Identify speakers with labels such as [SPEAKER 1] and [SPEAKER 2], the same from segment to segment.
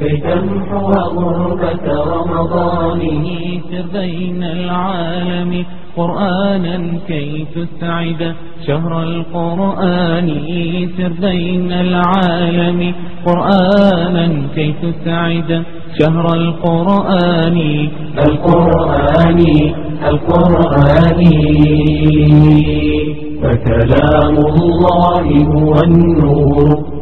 [SPEAKER 1] لتمحو غربة رمضانه تبين بين العالم قرآنا كي تسعد شهر القرآن سر بين العالم قرآنا كي تسعد شهر القرآن القرآن القرآن فكلام الله هو النور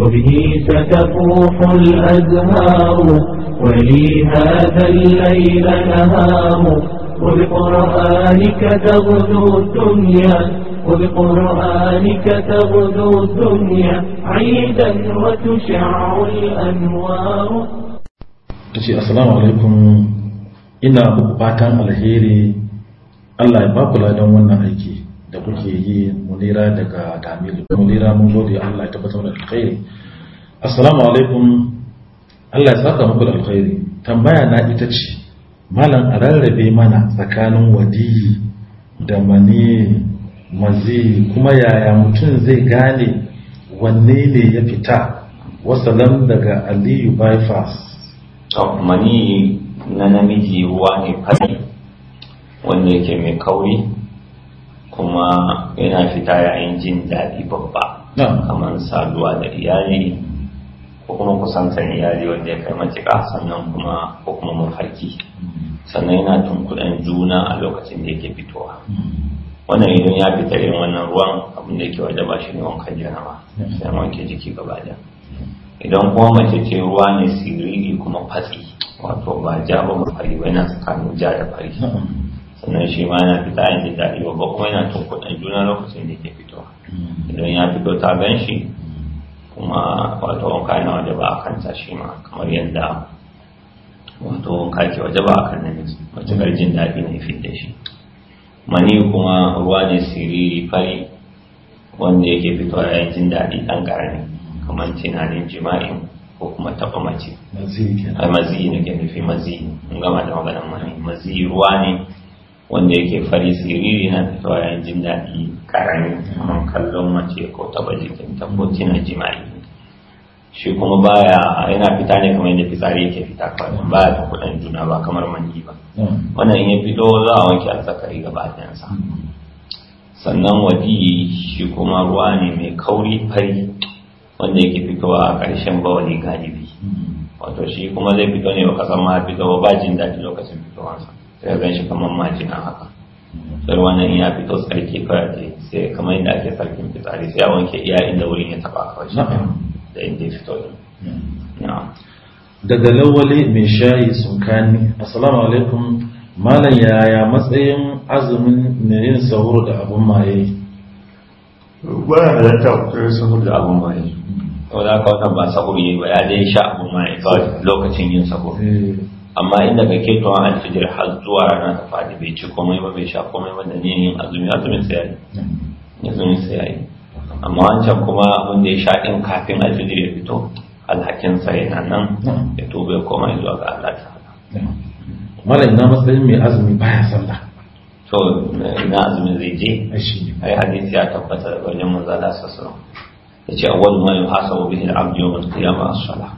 [SPEAKER 1] وبه ستفوح الأزهار ولي هذا الليل نهار وبقرآنك تغدو الدنيا وبقرآنك تغدو الدنيا عيدا وتشع الأنوار
[SPEAKER 2] السلام عليكم ina bukatan alheri Allah ya ba ku ladan wannan aiki da kuke yi munira daga tamilu munira mun gode Allah ya tabbatar da alkhairi assalamu alaikum Allah ya saka muku da alkhairi tambaya na ita ce malam a rarrabe mana tsakanin wadi da mani mazi kuma yaya mutum zai gane wanne ne ya fita wasalam
[SPEAKER 3] daga aliyu bypass mani na namiji wani ne fari wanda yake mai kauri kuma yana fita yayin jin daɗi babba kamar saduwa da iyali ko kuma kusantar iyali wanda ya kai matuƙa sannan kuma ko kuma mafarki sannan yana tunkuɗan juna a lokacin da yake fitowa wannan idan ya fita irin wannan ruwan abin da yake waje ba shi ne wanka janama sai wanke jiki gaba da idan kuma mace ce ruwa ne siriri kuma fatsi wato ba ja ba mafari ba yana tsakanin ja da fari sannan shi ma yana fita a inda daɗi ba kuma yana tunkuɗan juna lokacin da ke fito. Mm. idan ya fito ta gan shi kuma wato wanka yana waje ba a kanta shi ma kamar yadda wato wanka ke waje ba a kan ne matuƙar jin daɗi ne fit da shi mani kuma ruwa ne siriri fari wanda yake fitowa yayin jin daɗi ɗan ƙarami kamar tunanin jima'i ko kuma taɓa mace mazi ne ke nufi mazi gama da maganar mani mazi ruwa ne wanda yake fari siriri na fitowa yan jin daɗi karami kuma kallon mace ko taɓa ta ko tina jima'i shi kuma baya yana fita ne kamar yadda fitsari yake fita kawai baya ta kuɗin juna ba kamar manni ba wannan in ya fito za a wanke alzakari gaba ɗayansa sannan wadi shi kuma ruwa ne mai kauri fari wanda yake fitowa a ƙarshen bawali galibi wato shi kuma zai fito ne ba kasan ma fitowa ba jin daɗi lokacin fitowarsa sai gan shi kamar majina haka sai wannan in ya fito tsarki kawai sai kamar inda ake sarkin fitsari sai a wanke iya inda wurin ya taba kawai shi da inda ya fito
[SPEAKER 2] daga lawale mai shayi kani assalamu alaikum malam yaya matsayin azumin na yin sahur da abun maye
[SPEAKER 3] ba ya ta kusurin sahur da abun maye da aka wata ba sahur yi ba ya dai sha abun maye lokacin yin sahur eh. amma inda ga ke tuwa alfijir har zuwa rana ta faɗi bai ci komai ba bai sha komai ba da yin azumi azumin sa yayi azumin sa yayi amma wancan kuma wanda ya sha ɗin kafin alfijir ya fito alhakin sa yana nan ya tobe komai zuwa ga Allah ta malam na
[SPEAKER 2] matsayin mai azumi baya sallah
[SPEAKER 3] to ina azumi zai je ai hadisi ya tabbata da wajen manzo Allah ya ce wasallam yace awwal ma yuhasabu bihi al-abdu yawm al-qiyamah as-salah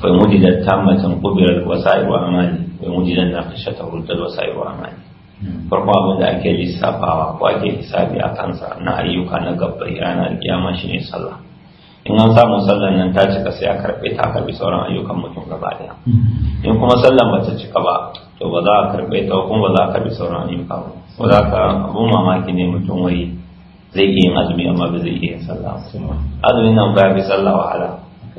[SPEAKER 3] وإن وجدت تامة قبلت وسائر أعمالي وإن وجد الناقشة ردت وسائر أعمالي farko abin da ake lissafawa ko ake lissafi a kansa na ayyuka na gabbai ranar shi ne sallah in an samu sallan nan ta cika sai a karɓe ta karɓi sauran ayyukan mutum gaba daya in kuma sallan ba ta cika ba to ba za a karɓe ta kuma ba za a karɓi sauran ayyuka ba ko za ka abun mamaki ne mutum wai zai iya yin azumi amma ba zai iya yin sallah azumin nan ba ya fi sallah wahala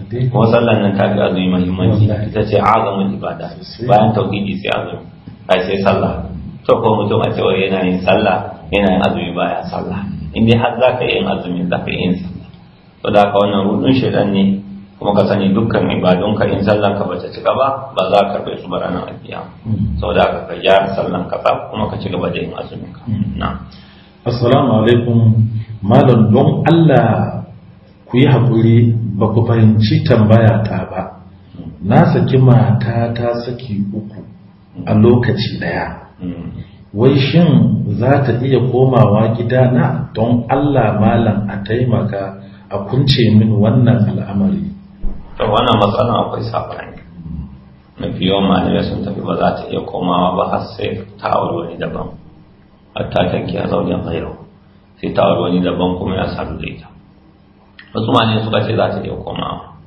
[SPEAKER 3] kuma sallan nan ta fi azumi mahimmanci ita ce azamin ibada bayan tauhidi sai azumi a sai sallah to ko mutum a cewa yana yin sallah yana yin azumi baya sallah in dai har zaka yin azumi za zaka yin sallah to da ka wannan rudun shaidan ne kuma ka sani dukkan ibadunka in sallah ka bata cika ba ba za ka karbe su ba ranar alkiyama hmm. da ka ka gyara sallan ka kuma ka ci gaba da yin azumin ka hmm. na assalamu
[SPEAKER 2] alaikum malam don Allah ku yi haƙuri ba ku fahimci tambaya ta ba na saki mata ta saki uku a lokaci ɗaya wai shin za ta iya komawa gida na don allah malam a taimaka a kunce min wannan al'amari
[SPEAKER 3] ta wannan matsalan akwai saɓani mafi yawan malamai sun tafi ba za ta iya komawa ba har sai ta aure wani daban hatta ta zaune a hairu sai ta aure wani daban kuma ya sadu da ita wasu mani suka ce za ta iya komawa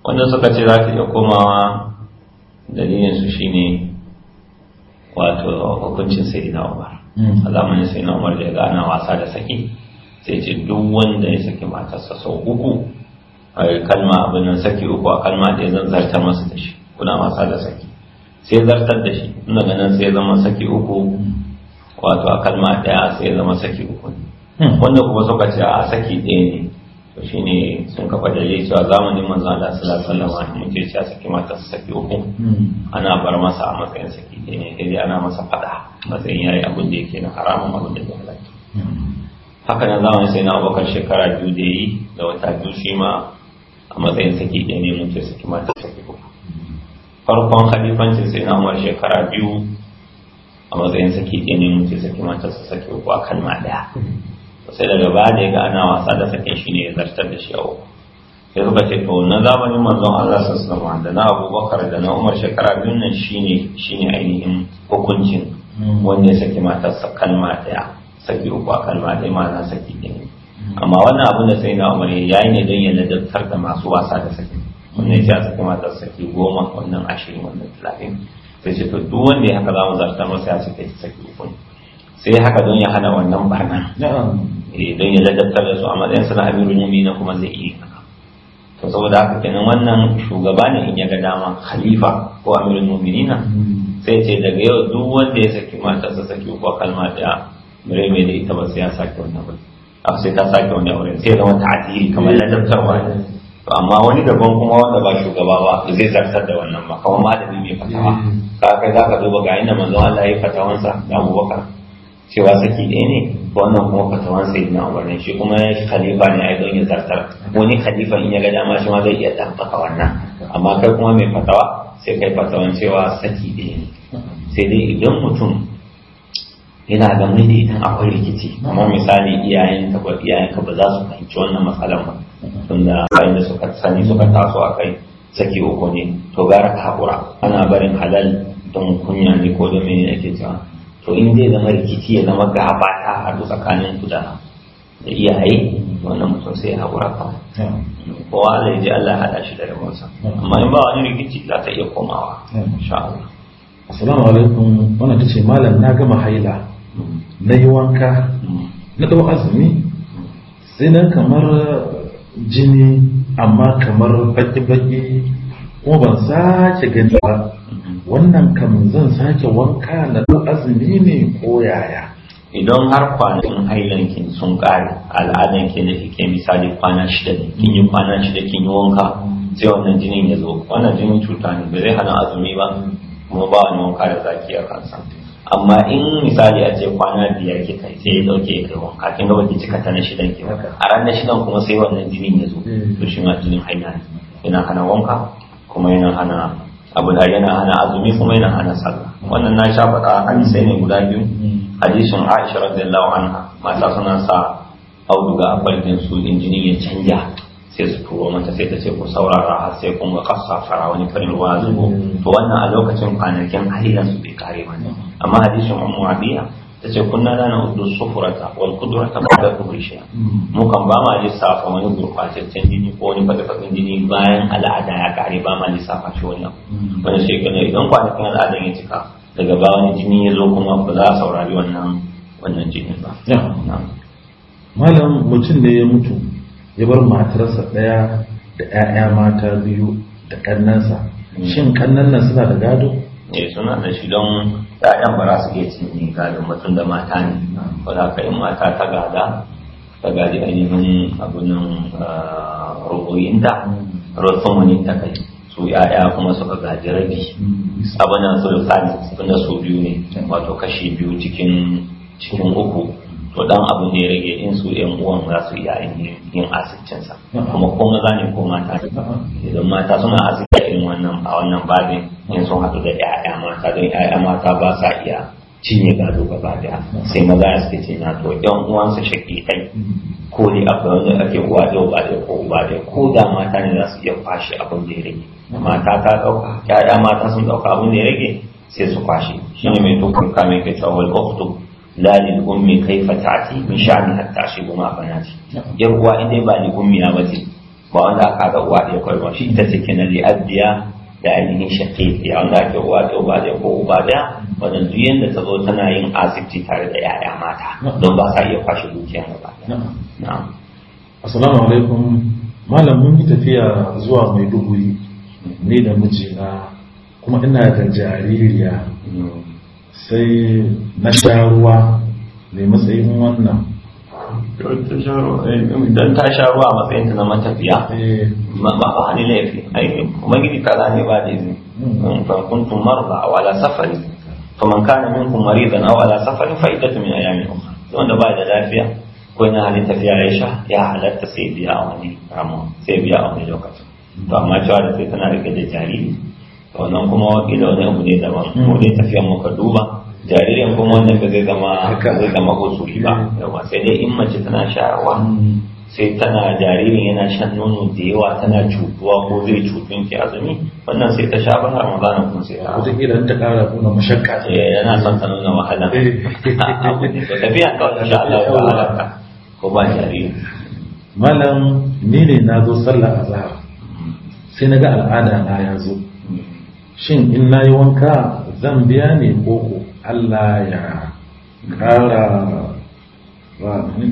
[SPEAKER 3] wanda suka ce za ta iya komawa dalilin su shine wato hukuncin sai na umar hmm. a zamanin sai na umar da ya gana wasa da saki sai ce duk wanda ya saki matarsa sau uku a kalma abin nan saki uku a kalma da ya zan zartar masa da shi kuna wasa da saki sai zartar da shi ina ganin sai zama saki uku wato a kalma daya sai zama saki uku hmm. wanda kuma suka ce a saki ɗaya ne to ne sun kafa da dalili cewa zamanin manzo Allah sallallahu alaihi wasallam muke cewa saki mata su saki uku ana bar masa a matsayin saki ne sai ana masa fada matsayin yayi abin da yake na haramun abin da yake halatta haka na zamanin sai na abokan shekara biyu da yi da wata biyu shi ma a matsayin saki ɗaya ne mutum saki mata su saki uku farkon halifancin sai na umar shekara biyu a matsayin saki ɗaya ne mutum saki mata su saki uku a kalma ɗaya sai daga baya da ga ana wasa da sakin shi ne ya zartar da shi a uku sai suka ce to na zamanin manzon Allah sallallahu alaihi da na Abubakar da na Umar shekara biyu nan shine shine ainihin hukuncin hmm. wanda ya saki matarsa kalma daya saki uku a kalma daya ma na saki ne hmm. amma wannan abu da sai na Umar ya yi ne don ya ladabtar da masu wasa da saki wannan ya saki matar saki goma wannan ashirin wannan talatin sai ce to duk wanda ya haka za mu zartar masa ya saki saki uku ne sai haka don ya hana wannan barna eh, don ya ladabtar da su a matsayin suna amirul na kuma zai iya haka to saboda haka kenan wannan shugaba ne in ya ga dama khalifa ko amirul mu'minina hmm. sai ce daga yau duk wanda ya saki mata sa saki ko kalma da mure mai da ita ba sai ya sake wannan ba a ah, sai ta sake wani aure sai zama ta'adili kamar eh, ladabtarwa ne eh. to amma wani daban kuma wanda ba shugaba ba zai zartar da wannan ba kamar malami mai fatawa hmm. ka kai zaka duba ga inda manzon Allah ya fatawansa da Abubakar cewa saki ɗaya ne wannan kuma fatawan sai na umar ne shi kuma khalifa ne a don ya zartar wani khalifa in ya ga dama shi ma zai iya tafaka wannan amma kai kuma mai fatawa sai kai fatawan cewa saki ɗaya ne sai dai idan mutum yana da mai idan akwai rikici amma misali iyayen ka ba iyayen ka ba za su fahimci wannan matsalan ba tunda bayan da suka sani suka taso a kai saki uku ne to gara ka haƙura ana barin halal don kunya ne ko da mene ake cewa to in zai zama rikici ya zama gaba ta hadu tsakanin ku da da iyaye wannan mutum sai ya haƙura ka kowa zai ji Allah haɗa shi da rabonsa amma in ba wani rikici za ta iya komawa insha Allah assalamu
[SPEAKER 2] alaikum wannan tace malam na gama haila na yi wanka na dau azumi sai na kamar jini amma kamar baki-baki kuma ban sace gani ba wannan kam zan sake wanka na ɗan azumi ne ko yaya
[SPEAKER 3] idan har kwanakin hailankin sun kare al'adan ke da ke misali kwana shida ne kin yi kwana shida kin yi wanka sai wannan jinin ya zo wannan jinin cuta ne ba zai hana azumi ba kuma ba wani wanka da zaki a kansa amma in misali a ce kwana biyar kika sai ya dauke kai wanka kin ga baki cika ta na shidan ke a ran na shidan kuma sai wannan jinin ya zo hmm. to shi ma jinin haila ne yana hana wanka kuma yana hana abu da yana hana azumi kuma yana hana sallah wannan na sha faɗa sai ne guda biyu hadisin Aisha radiyallahu anha mata suna sa auduga a farjin su injini ya canja sai su turo mata sai ta ce ku saurara har sai kun ga kasa fara wani farin zubo to wannan a lokacin kwanakin halilan su bai kare ba amma hadisin Ummu Abiya ta ce kunna na nan udu sufurata wal kudurata ba da kuma shi mu kan ba ma lissafa wani gurɓataccen jini ko wani fadafakin jini bayan al'ada ya kare ba ma lissafa shi wani hmm. wani sai kana idan kwanakin al'adan ya cika daga ba wani jini ya zo kuma ba za a saurari wannan wannan jini ba
[SPEAKER 2] malam mutum ne ya mutu ya bar matarsa ɗaya da 'ya'ya mata biyu da hmm. shin kannan nan suna da gado?
[SPEAKER 3] eh suna da shi don ya'yan ba za su iya cin gadon mutum da mata ne ba za ka yi mata ta gada ta gadi ainihin abunan ah, rubuinta wani kai su ya'ya kuma suka gaji rabi abunan su da sani su biyu ne wato kashi biyu cikin uku to dan abu ne rage in su yan uwan za su iya yin asircin sa kuma ko maza ne ko mata idan mata suna asirci in wannan a wannan babin in sun haɗu da ƴaƴa mata don ƴaƴa mata ba sa iya cinye gado gaba daya sai maza ya suke ce na to yan uwansa kai ko ne abu wanda ake uwa da uba da ko uba da ko da mata ne za su iya kwashe abin da ya rage mata ta ɗauka ƴaƴa mata sun ɗauka abin da ya rage sai su kwashe shi ne mai tukun kamin kai tsawon ofto la ummi kai fatati min sha'ni hatta shibu ma banati yar uwa in dai ba ni ummi ya bace ba wanda aka ga uwa da kai ba shi ita ce kenan li addiya da ainihin shaqiq ya wanda ke uwa to ba da ko uba da wannan duk yanda ta zo tana yin asibiti tare da yaya mata don ba sa iya kwashe dukiya ba na'am
[SPEAKER 2] assalamu alaikum malam mun yi tafiya zuwa maiduguri ne da mijina kuma ina da jaririya mm. sai na sha ruwa mai matsayin wannan
[SPEAKER 3] don ta sha ruwa eh, a matsayin ta na matafiya eh. ba ba hali laifi ubangiji ta zane ba da izini ban hmm. kuntum marda aw ala safari faman kana minkum maridan aw ala safari fa iddatu min ayamin ukhra wanda ba da lafiya ko yana halin tafiya ya sha ya halatta sai biya a wani ramon sai biya a wani lokacin to amma cewa da sai tana rike da jariri wannan kuma wakila wani abu ne zama ko dai tafiyan muka duba jaririn kuma wannan ba zai zama zai zama usuli ba yawa sai dai in mace tana shayarwa mm. sai tana jaririn yana shan nono da yawa tana cutuwa ko zai cutun ki azumi wannan sai ta sha ba har ramadan kun sai ya wajen idan ta kara kuna mashakka eh yana son ta nuna wahala eh. tafiya kawai insha Allah ba halaka ko ba jaririn.
[SPEAKER 2] malam ni ne na zo sallar azhar sai na ga al'ada na ya zo shin in na yi wanka zan biya ne koko Allah ya ƙara ba ne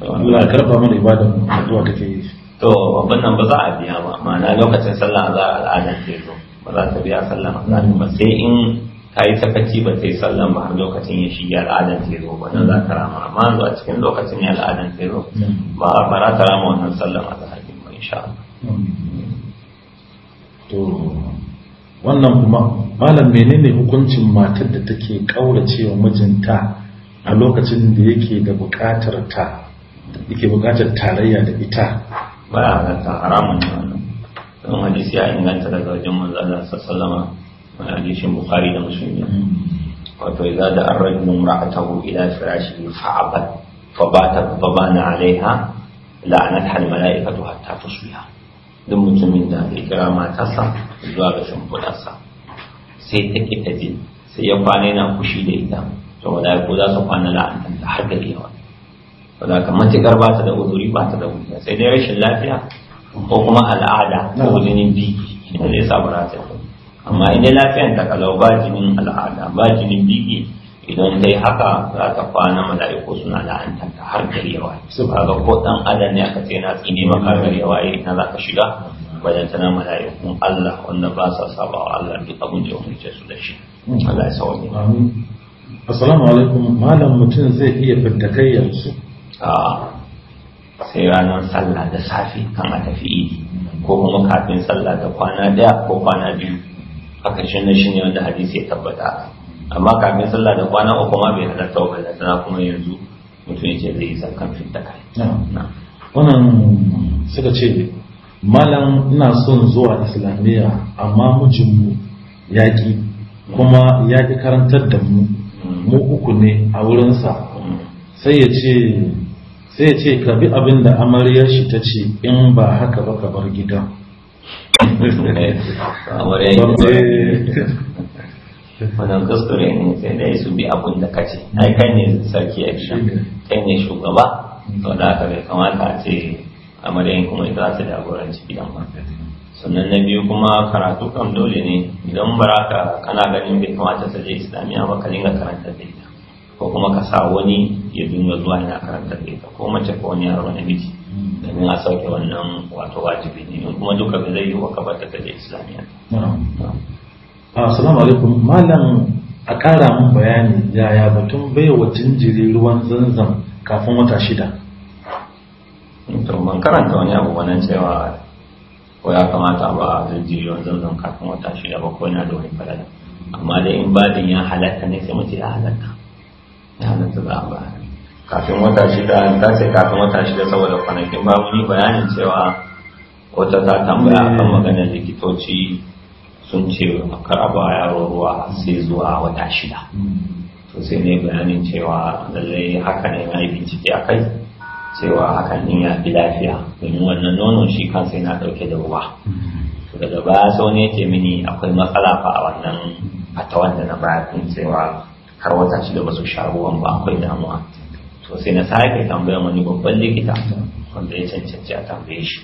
[SPEAKER 3] Allah karfa mana ibada addu'a kake yi to wannan ba za a biya ba ma'ana lokacin sallah za a al'adar ke zo ba za ta biya sallah a ba sai in ta yi sakaci ba ta yi sallan ba har lokacin ya shiga al'adar ke zo ba za ta rama amma zuwa cikin lokacin ya al'adar ke zo hmm. ba ba za ta rama wannan sallan a zaharin ba insha Allah
[SPEAKER 2] hmm. wannan kuma malam menene hukuncin matar da take kauracewa mijinta a lokacin da yake
[SPEAKER 3] da bukatar ta yake bukatar tarayya da ita ba a halatta haramun ne wannan don hadisi ya inganta daga wajen manzo Allah sallama wani hadisin bukhari da muslim hmm. wato idza da ar-rajulu imra'atahu ila firashi fa'abat fa bata fa bana la'anat al-mala'ikatu hatta tusbiha duk mutumin da zai kira matarsa zuwa ga shimfiɗarsa sai ta ƙi ta je sai ya kwana yana kushi da ita saboda ko za su kwana la'antar da har gari yawa saboda ka matuƙar ba ta da uzuri ba ta da wuya sai dai rashin lafiya ko kuma al'ada ko jinin biki ina zai sa ba ta amma idan lafiyan ta kalau ba jinin al'ada ba jinin biki idan ta yi haka za ta kwana mala'iku suna la'anta ba ga ko dan adam ne aka ce na tsine maka karewa yi eh, na za ka shiga wajen tana malayakun Allah wanda ba sa saba wa Allah duk abin da wani su da shi hmm. Allah ya sawa ne assalamu alaikum malam mutum zai iya fintakai yanzu a sai ranar sallah da safe kan a tafi idi ko kuma kafin sallah da kwana daya ko kwana biyu a ƙarshen na shine wanda hadisi ya tabbata amma kafin sallah da kwana uku ma bai halatta da tana kuma yanzu mutum yake zai yi zakkan fitta kai
[SPEAKER 2] wannan suka ce malam ina son zuwa islamiyya amma mijinmu yaƙi kuma ya ƙi karantar da mu mu uku ne a wurinsa sai ya ce sai ya ce ka bi abin da amaryar shi ta ce in ba haka ba ka bar
[SPEAKER 3] gida wannan kuskure ne sai dai su bi abun da kace ai kai ne sarki a gidan kai ne shugaba to da haka bai kamata a ce amaryan kuma ita su jagoranci gidan ba sannan na biyu kuma karatu kam dole ne idan baraka kana ganin bai kamata ta je islamiyya ba ka dinga karanta da ita ko kuma ka sa wani ya dinga zuwa yana karanta da ita ko mace ko wani yaro namiji domin a sauke wannan wato wajibi ne kuma duka bai zai yi wa kabar da ta je islamiyya
[SPEAKER 2] Ah, assalamu alaikum malam a ƙara min bayani yaya batun baiwa jinjiri ruwan zanzan
[SPEAKER 3] kafin wata shida ban karanta wani abu wannan cewa ko ya kamata ba jinjiri ruwan zanzan kafin wata shida ba ko yana da wani falala amma dai in badin ya halatta ne sai mace ya halatta ya halatta za a ba kafin wata shida ta ce kafin wata shida saboda kwanakin ba ni bayanin cewa wata ta tambaya kan maganar likitoci sun ce kar a ba yaro ruwa sai zuwa wata shida to sai ne bayanin cewa lallai haka ne na yi bincike a kai cewa hakan ne ya fi lafiya domin wannan nono shi kansa yana ɗauke da ruwa to daga baya sau ne ce mini akwai matsala fa a wannan fata wanda na baya kun cewa har wata shida ba su sha ruwan ba akwai damuwa to sai na sake tambayar wani babban likita wanda ya cancanci a tambaye shi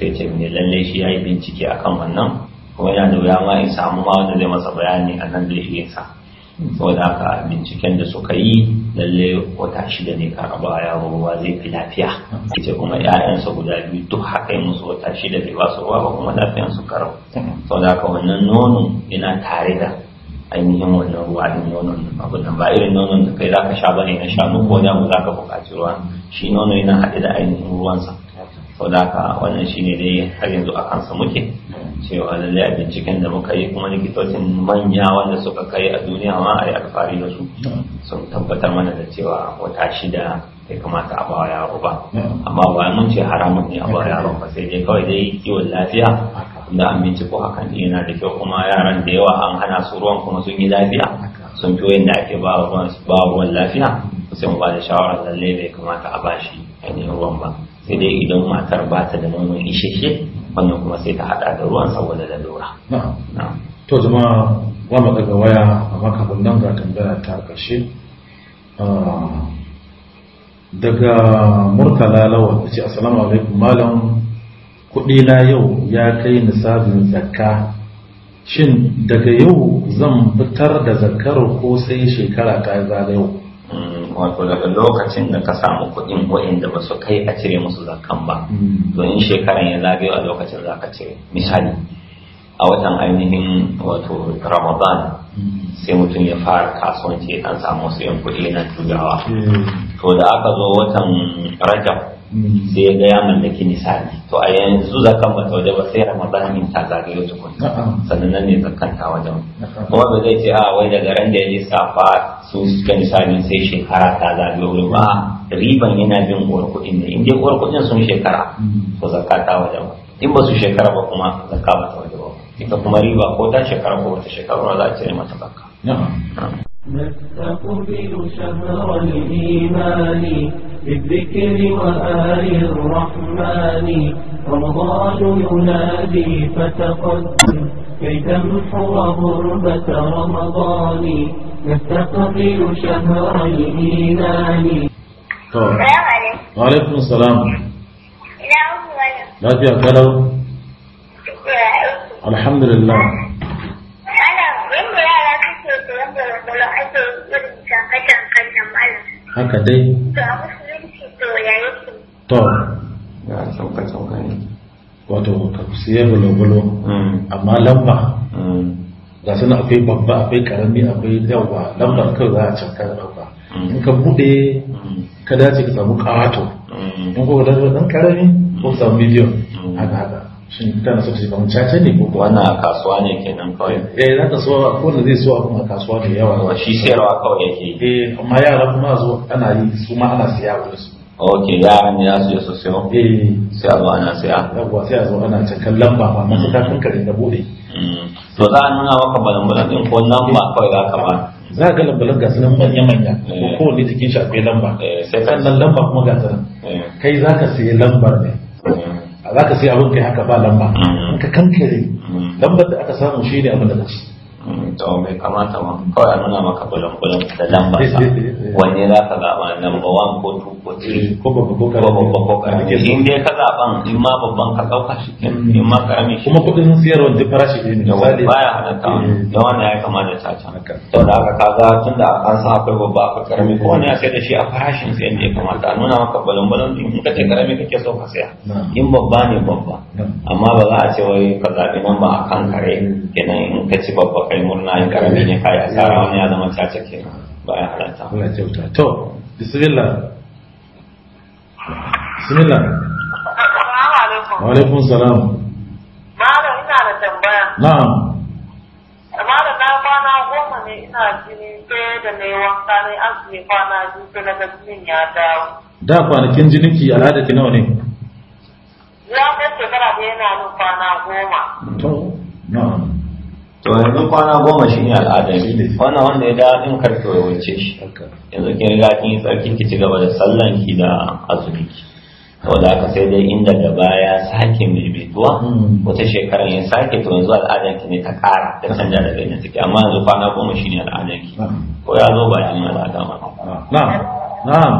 [SPEAKER 3] sai ce mini lallai shi ya yi bincike akan wannan kuma yana da wuya ma in samu ma wanda zai masa bayani a nan da ilinsa saboda haka binciken da suka yi lalle wata shida ne karaba abu ruwa zai fi lafiya ita kuma ƴaƴansa guda biyu duk haka yi musu wata shida bai ba su ruwa ba kuma lafiyan su karau saboda haka wannan nono yana tare da ainihin wannan ruwa din nonon abu nan ba irin nonon da kai zaka sha bane na shanu ko da mu zaka buƙaci ruwa shi nono yana haɗe da ainihin ruwansa sau da haka wannan shine dai har yanzu a kansa muke cewa lalle a binciken da muka yi kuma likitocin manya wanda suka kai a duniya ma a yi alfari da su sun tabbatar mana da cewa wata shida bai kamata a bawa yaro ba amma ba mun ce haramun ne a bawa yaro ba sai dai kawai dai kiwon lafiya da an binciko hakan yana da kyau kuma yaran da yawa an hana su ruwan kuma sun yi lafiya sun fi da ake ba ruwan lafiya sai mu ba da shawarar lallai bai kamata a bashi ainihin ruwan ba sai dai idan matar ba ta da nono isheshe wannan kuma sai ta hada da ruwan saboda da lura
[SPEAKER 2] to zama wa mu ga waya a maka nan ga tambaya ta karshe ah, daga murtala lawa ce assalamu alaikum malam kuɗi na yau ya kai nisabin zakka shin daga yau zan
[SPEAKER 3] fitar da zakkar ko sai shekara ta yau wato daga lokacin da ka samu kuɗin da ba su kai a cire musu zakan ba mm. to in shekaran ya zagayo a lokacin za ka cire misali a watan ainihin wato ramadan mm. sai mutum ya fara kasuwanci an samu wasu yan kuɗi na turawa mm. to da aka zo watan rajab sai ya ga ya mallaki nisani to a yanzu zakan ba ta waje ba sai ramadan min ta zagayo tukun sannan nan ne zakan ta waje kuma ba zai ce a ah, wai daga ran da ya safa su suka nisani sai shekara ta zagayo ba riban yana bin uwar kuɗin ne in dai uwar kuɗin sun shekara mm-hmm. to zakka ta waje ba in ba su shekara ba kuma zakka ba ta waje ba ita kuma riba ko ta shekara ko wata shekara za a cire mata zakka
[SPEAKER 1] نستقبل شهر الإيمان بالذكر وآل الرحمن رمضان ينادي فتقدم كي تمحو غربة رمضان نستقبل شهر الإيمان السلام عليكم وعليكم السلام
[SPEAKER 2] لا أعوذ
[SPEAKER 1] لا تيأكلوا
[SPEAKER 2] الحمد لله haka dai to ya sauka sauka ne wato ka siya bulo-bulo mm. amma lamba mm. ga suna akwai babba akwai karami akwai yawa lamba kai za a cakar babba mm. in ka bude ka dace ka samu kawato in ko da ɗan karami ko samu miliyon haka haka
[SPEAKER 3] shin kana so shi kamar caca ne ko wannan a kasuwa ne kenan kawai
[SPEAKER 2] eh za ka so ko da zai so abun a kasuwa ne yawa shi sayarwa kawai yake eh amma yara kuma zo ana yi su ma ana
[SPEAKER 3] siya wurin su ok yaran ya su su sayo eh sai a zo ana siya yawa sai a zo ana ta lamba ba ma mafita kun kare da bude mm. to za a nuna maka balambalan din ko lamba
[SPEAKER 2] kawai za ka ba za ga lambalan gasu nan manya manya eh. ko kowane jikin shi akwai lamba eh, sai kan nan lamba kuma gasu nan eh. kai za ka sayi lambar ne mm. za ka sai abin kai haka ba
[SPEAKER 3] lamba in mm. ka kankare mm. lambar da aka samu shi ne abin da ka to bai kamata ma kawai a nuna maka bulan-bulan da lamba sa wanne za ka zaɓa lamba wan ko tu ko tiri ko babba ko karami in dai ka zaɓan in ma babban ka ɗauka shi in ma karami shi kuma kuɗin siyarwa duk farashi ne misali baya halatta eh. da wannan ya kama da caca to da aka kaga tun da an sa akwai babba akwai karami ko wani ya sai da shi a farashin sa yadda ya kamata a nuna maka bulan-bulan in ka ce karami kake so ka saya in babba ne babba amma ba za a ce wai ka zaɓi nan ba a kan kare eh. kenan in ka ci babba kai murna ya ne kai tsara wani ya zama caca ke ba halatta
[SPEAKER 2] to bismillah bismillah da
[SPEAKER 1] goma ina da ne wanka azumi kwana biyu sai
[SPEAKER 2] kwanakin jininki al'adaki nawa ne
[SPEAKER 1] ya kai shekara da yana nun kwana goma
[SPEAKER 3] to yanzu kwana goma shi ne al'adar wannan wanda ya da in karfe ya wuce shi yanzu kin riga kin yi tsarkin ki ci gaba da sallan ki da azumi ki saboda haka sai dai inda da baya sake maimaituwa hmm. wata shekarar ya sake to yanzu al'adar ki ne ta ƙara, ta canja daga inda ciki. amma yanzu kwana goma shi ne al'adar ki hmm. ko ya zo ba jin al'ada ma na'am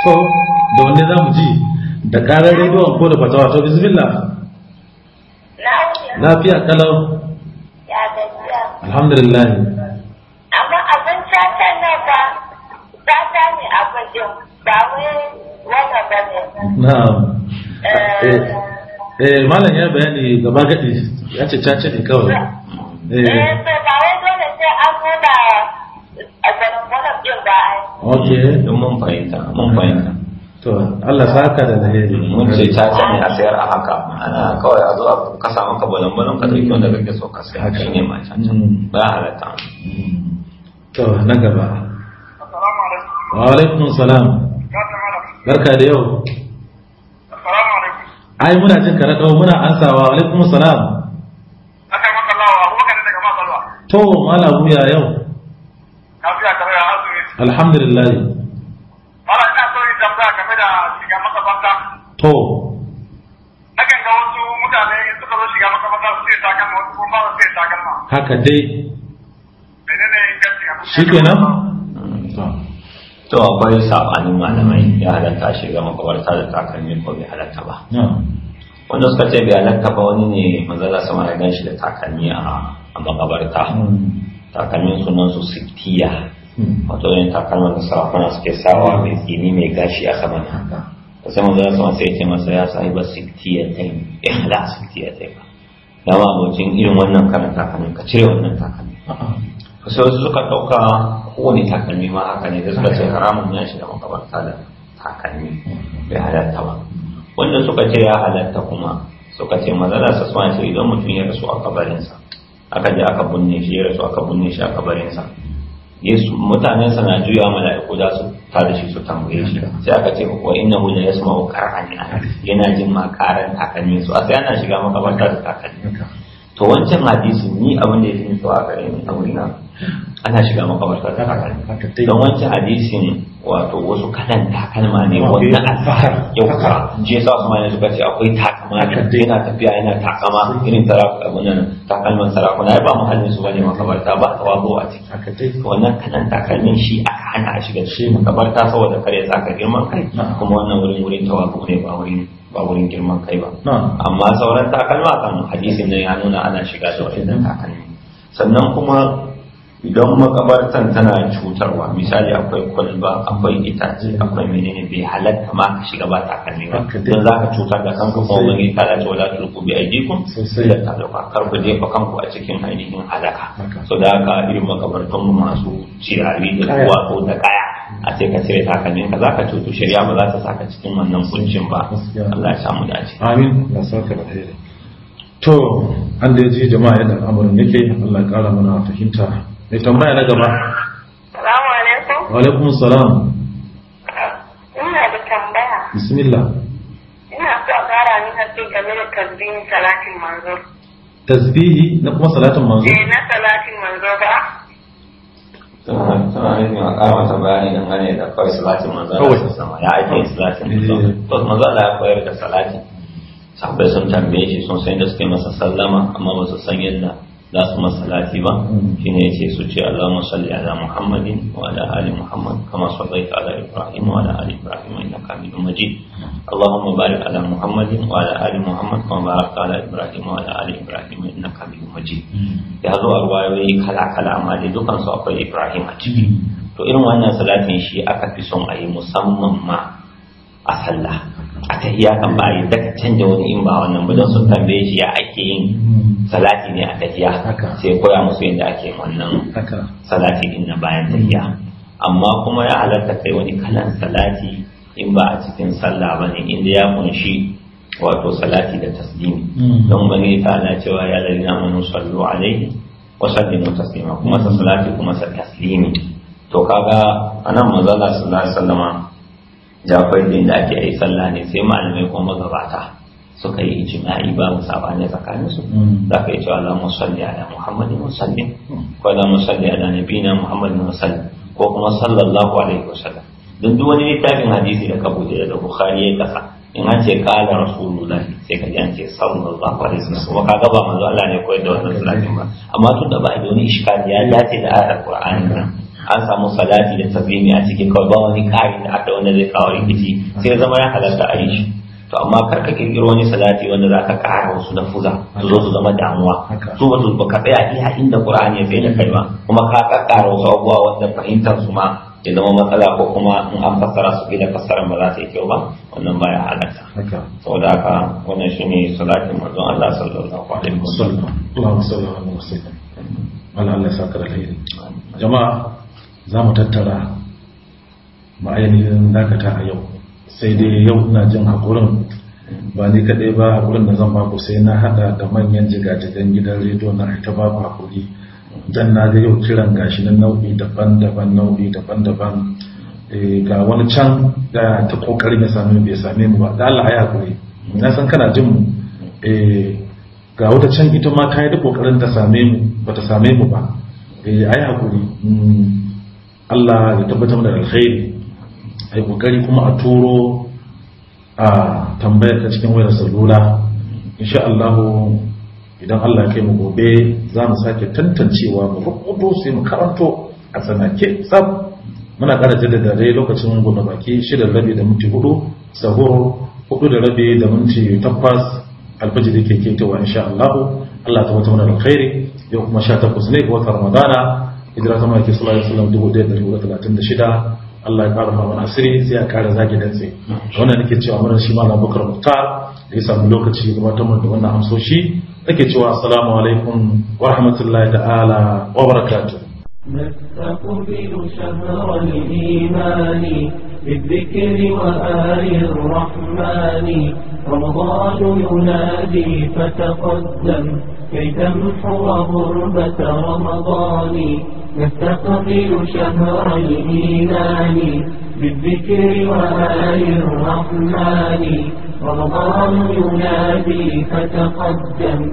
[SPEAKER 2] to da wanne za mu ji da karar rediyon ko da fatawa to bismillah lafiya kalau
[SPEAKER 1] alhamdulillah amma abin tata na ba tata ne abin din ba wai wata ba ne na'am eh.
[SPEAKER 2] Eh, eh malam ya bayani gaba gadi ya ce caca ne kawai
[SPEAKER 1] eh, eh ba wai dole sai an nuna a garin wannan din ba ai
[SPEAKER 3] okay mun fahimta mun fahimta to Allah saka da alheri mun ce ta ce ne a sayar a haka ana kawai a zo a kasa maka bolon-bolon, ka dauki wanda kake so ka sai shi ne ma can mm. ba halatta to na gaba
[SPEAKER 2] wa alaikum salam barka da yau ai muna jin ka rakawa muna ansawa wa alaikum salam aka
[SPEAKER 1] maka lawa abubakar daga ma salwa
[SPEAKER 2] to mala buya yau ta ya azumi alhamdulillah makabarta to
[SPEAKER 1] nakan ga wasu mutane in suka zo shiga su sai takalma wasu kuma ba su sai
[SPEAKER 3] takalma haka dai menene to akwai sabanin malamai ya halatta shiga makabarta da takalmi ko bai halatta ba wanda suka ce bai halatta ba wani ne manzala sama ya gan shi da takalmi a makabarta hmm. takalmin sunan su sittiya hmm. wato yin takalman da sarakuna suke sawa mai tsini mai gashi a saman haka sai mun zai sama sai ce masa ya sahiba siktiyatai ikhlas ba ya ba irin wannan karin takalmin ka cire wannan takalmin sai wasu suka ɗauka kowane takalmi ma haka ne da suka ce haramun ya shiga makabarta da takalmi bai halatta ba wanda suka ce ya halatta kuma suka ce mazala sa suwa ce idan mutum ya rasu a kabarinsa aka je aka binne shi ya rasu aka binne shi a kabarinsa yesu mutanen sa na juya mana da su ta da shi su tambaye shi sai aka ce ko inna hu yasma'u qara'an yana jin ma karan takalmin su a sai ana shiga makabarta da takalmin to wancan hadisi ni abin da ya fi a gare ni a wurina ana shiga makabarta ta haka don wancan hadisin wato wasu kanan takalma ne wanda asar yau ka je sa su ne suka ce akwai takama yana tafiya yana takama irin abin abunan takalman sarakuna ya ba mu halin su bane makabarta ba tawazo a ciki wannan kanan takalmin shi aka hana a shiga shi makabarta saboda kare sa ka girman kai kuma wannan wurin wurin tawazo ne ba wurin ba wurin girman kai ba amma sauran takalma kan hadisin nan ya nuna ana shiga da wannan takalmi sannan kuma idan makabartan tana cutarwa misali akwai kwalba akwai itace akwai menene bai halatta ma ka shiga ba takalmi ba don za ka cutar da kanka kuma wani ka dace wala tulku bi aidikum da ka dauka kar ku jefa kanku a cikin ainihin halaka so da haka irin makabartan masu cirari da kuwa ko da kaya a ce ka cire takalmin ka zaka cutu shari'a ba za ta saka cikin wannan kuncin ba Allah ya samu dace
[SPEAKER 2] amin ya saka da alheri to an
[SPEAKER 3] da ji jama'a yadda al'amarin
[SPEAKER 2] nake Allah ya kara mana fahimta mai tambaya na gaba
[SPEAKER 1] assalamu alaikum wa alaikum assalam ina da tambaya bismillah ina so a kara ni hakki game da tasbihin salatin manzo
[SPEAKER 2] tasbihi na kuma salatin manzo eh
[SPEAKER 1] na salatin manzo ba
[SPEAKER 3] suna nufin a kama ta bayani dangane da kawai salatin manzan Allah sama ya ake yin salatin to manzan Allah ya koyar da salatin sahabbai sun tambaye shi sun san da suke masa sallama amma ba su san yadda Za nasu masalati ba shine ce su ce Allahumma salli ala Muhammadin wa ala ali Muhammad kama sallaita ala Ibrahim wa ala ali Ibrahim innaka Hamidum Majid Allahumma barik ala Muhammadin wa ala ali Muhammad kama barakta ala Ibrahim wa ala ali Ibrahim innaka Hamidum Majid ya zo a ruwayoyi kala kala amma dai dukan su akwai Ibrahim a ciki to irin wannan salatin shi aka fi son a yi musamman ma a sallah a ta kan ba a yi daga canja wani in ba wannan ba don sun tambaye shi ya ake yin salati ne a tahiya sai koya musu yadda ake wannan salati din na bayan tahiya mm. amma kuma ya halatta kai wani kalan salati in ba a cikin sallah ba ne inda ya kunshi wato salati da taslimi mm. don bane ta ala cewa ya lalina mun sallu alaihi wa sallimu taslima kuma sa mm. salati kuma sa taslimi to kaga anan maza sallallahu alaihi wasallama da akwai da ake yi sallah ne sai malamai kuma magabata suka yi mu babu sabani tsakanin su hmm. za ka yi cewa Allah musalli ala Muhammadin musalli ko Allah musalli ala nabiyina Muhammadin musalli ko kuma sallallahu alaihi wa sallam don duk wani littafin hadisi da ka bude da Bukhari ya kasa in an ce kala rasulullahi sai ka ji an ce sallallahu alaihi wa sallam ka gaba manzo Allah ne koyar da wannan salatin ba amma tun da ba a yi wani iskali ya dace da ayar Qur'ani an samu salati da taslimi a cikin kawai ba wani ƙari da aka wani zai kawo rikici sai zama ya halatta a yi shi to amma kar ka kirkiro wani salati wanda za ka kara wasu fuza su zo su zama damuwa su ba su ka tsaya iya inda qur'ani ya da kai ba kuma ka kakkara wasu abubuwa wanda fahimtar su ma ya zama matsala ko kuma in an fassara su ila fassaran ba za ta yi kyau ba wannan baya halatta saboda haka wannan ne salatin manzon Allah sallallahu alaihi wasallam
[SPEAKER 2] Allahumma salli ala muhammad Allah Allah ya saka da alheri jama'a za mu tattara ma'ainihin dakata a yau sai dai yau ina jin haƙurin ba ni kaɗai ba haƙurin da zan baku sai na haɗa da manyan jigajigan gidan rediyo na ita baku haƙuri don na ga yau kiran gashi na nau'i daban-daban nau'i daban-daban eh, ga wani can ga ta ƙoƙarin ya same bai same mu ba da Allah ya haƙuri na san kana jin mu eh, ga wata can ita ma ta yi da ƙoƙarin ta same mu ba ta same mu ba eh, ai haƙuri hmm. Allah ya tabbatar da alkhairi a yi kokari kuma a turo a tambayar ta cikin wayar salula insha Allah idan Allah kai mu gobe za mu sake tantancewa mu rubuto sai mu karanto a tsanake sab muna kara jaddada dare lokacin gona baki shida rabi da minti hudu sahur hudu da rabi da minti alfaji alfajiri ke ketowa insha Allah Allah ta wata mana alkhairi yau kuma sha takwas ne ga watan Ramadana hijira ta ke sallallahu alaihi wasallam 1436 Allah ya kara mamun asiri sai ya kara zagi dan sai wannan nake cewa mana shi malam Bakar Muktar da ya samu lokaci gabatar da wannan amsoshi nake cewa assalamu alaikum wa rahmatullahi ta'ala wa barakatuh
[SPEAKER 1] نستقبل شهر الإيمان بالذكر وآل الرحمن رمضان ينادي فتقدم كي تمحو غربة رمضان نستقبل شهر الإيمان بالذكر وآل الرحمن رمضان ينادي فتقدم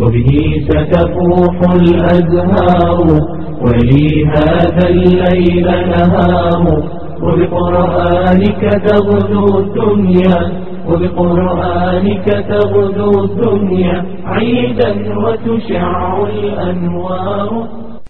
[SPEAKER 1] وبه ستفوح الأزهار ولي هذا الليل نهار وبقرآنك تغدو الدنيا وبقرآنك تغدو الدنيا عيدا وتشع الأنوار